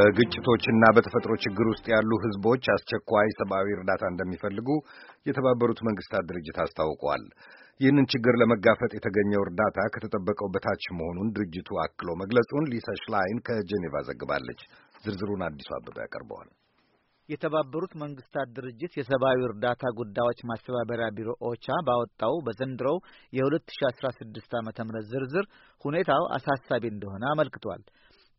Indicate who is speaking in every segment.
Speaker 1: በግጭቶችና በተፈጥሮ ችግር ውስጥ ያሉ ህዝቦች አስቸኳይ ሰብአዊ እርዳታ እንደሚፈልጉ የተባበሩት መንግስታት ድርጅት አስታውቋል። ይህንን ችግር ለመጋፈጥ የተገኘው እርዳታ ከተጠበቀው በታች መሆኑን ድርጅቱ አክሎ መግለጹን ሊሳ ሽላይን ከጄኔቫ ዘግባለች። ዝርዝሩን አዲሱ አበባ ያቀርበዋል።
Speaker 2: የተባበሩት መንግስታት ድርጅት የሰብአዊ እርዳታ ጉዳዮች ማስተባበሪያ ቢሮ ኦቻ ባወጣው በዘንድሮው የ2016 ዓ ም ዝርዝር ሁኔታው አሳሳቢ እንደሆነ አመልክቷል።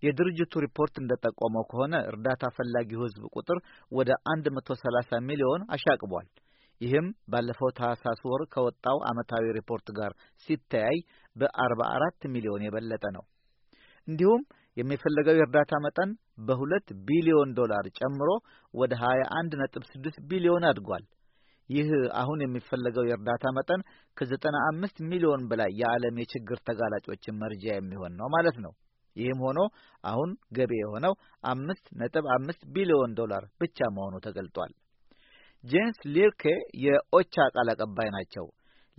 Speaker 2: የድርጅቱ ሪፖርት እንደጠቆመው ከሆነ እርዳታ ፈላጊው ሕዝብ ቁጥር ወደ 130 ሚሊዮን አሻቅቧል። ይህም ባለፈው ታህሳስ ወር ከወጣው ዓመታዊ ሪፖርት ጋር ሲተያይ በ44 ሚሊዮን የበለጠ ነው። እንዲሁም የሚፈለገው የእርዳታ መጠን በ2 ቢሊዮን ዶላር ጨምሮ ወደ 21.6 ቢሊዮን አድጓል። ይህ አሁን የሚፈለገው የእርዳታ መጠን ከ95 ሚሊዮን በላይ የዓለም የችግር ተጋላጮችን መርጃ የሚሆን ነው ማለት ነው። ይህም ሆኖ አሁን ገቢ የሆነው አምስት ነጥብ አምስት ቢሊዮን ዶላር ብቻ መሆኑ ተገልጧል። ጄንስ ሊርኬ የኦቻ ቃል አቀባይ ናቸው።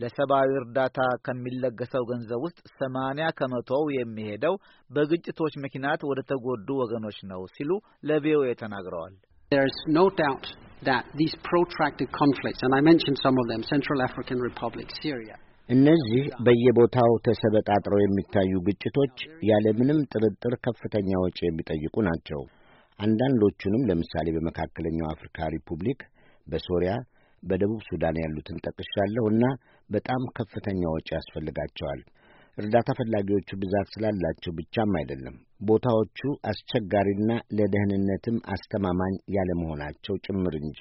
Speaker 2: ለሰብአዊ እርዳታ ከሚለገሰው ገንዘብ ውስጥ ሰማንያ ከመቶው የሚሄደው በግጭቶች ምክንያት ወደ ተጎዱ ወገኖች ነው ሲሉ ለቪኦኤ ተናግረዋል። There is no doubt that these protracted conflicts, and I mentioned some of them, Central African Republic, Syria.
Speaker 3: እነዚህ በየቦታው ተሰበጣጥረው የሚታዩ ግጭቶች ያለምንም ጥርጥር ከፍተኛ ወጪ የሚጠይቁ ናቸው። አንዳንዶቹንም ለምሳሌ በመካከለኛው አፍሪካ ሪፑብሊክ፣ በሶሪያ፣ በደቡብ ሱዳን ያሉትን ጠቅሻለሁ እና በጣም ከፍተኛ ወጪ ያስፈልጋቸዋል። እርዳታ ፈላጊዎቹ ብዛት ስላላቸው ብቻም አይደለም፣ ቦታዎቹ አስቸጋሪና ለደህንነትም አስተማማኝ ያለመሆናቸው ጭምር እንጂ።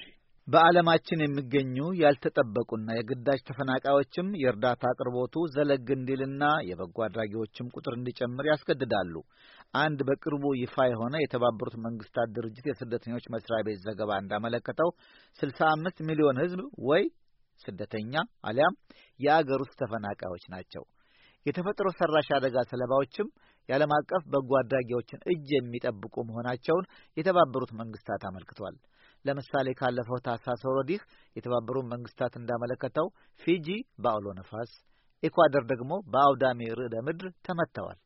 Speaker 2: በዓለማችን የሚገኙ ያልተጠበቁና የግዳጅ ተፈናቃዮችም የእርዳታ አቅርቦቱ ዘለግ እንዲልና የበጎ አድራጊዎችም ቁጥር እንዲጨምር ያስገድዳሉ። አንድ በቅርቡ ይፋ የሆነ የተባበሩት መንግስታት ድርጅት የስደተኞች መስሪያ ቤት ዘገባ እንዳመለከተው 65 ሚሊዮን ሕዝብ ወይ ስደተኛ አሊያም የአገር ውስጥ ተፈናቃዮች ናቸው። የተፈጥሮ ሰራሽ አደጋ ሰለባዎችም የዓለም አቀፍ በጎ አድራጊዎችን እጅ የሚጠብቁ መሆናቸውን የተባበሩት መንግስታት አመልክቷል። ለምሳሌ ካለፈው ታህሳስ ወዲህ የተባበሩት መንግስታት እንዳመለከተው ፊጂ በአውሎ ነፋስ፣ ኤኳዶር ደግሞ በአውዳሜ ርዕደ ምድር ተመትተዋል።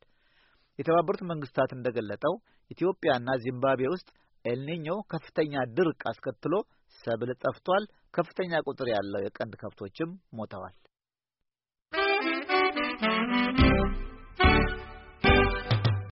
Speaker 2: የተባበሩት መንግስታት እንደገለጠው ኢትዮጵያና ዚምባብዌ ውስጥ ኤልኒኞ ከፍተኛ ድርቅ አስከትሎ ሰብል ጠፍቷል። ከፍተኛ ቁጥር ያለው የቀንድ ከብቶችም ሞተዋል።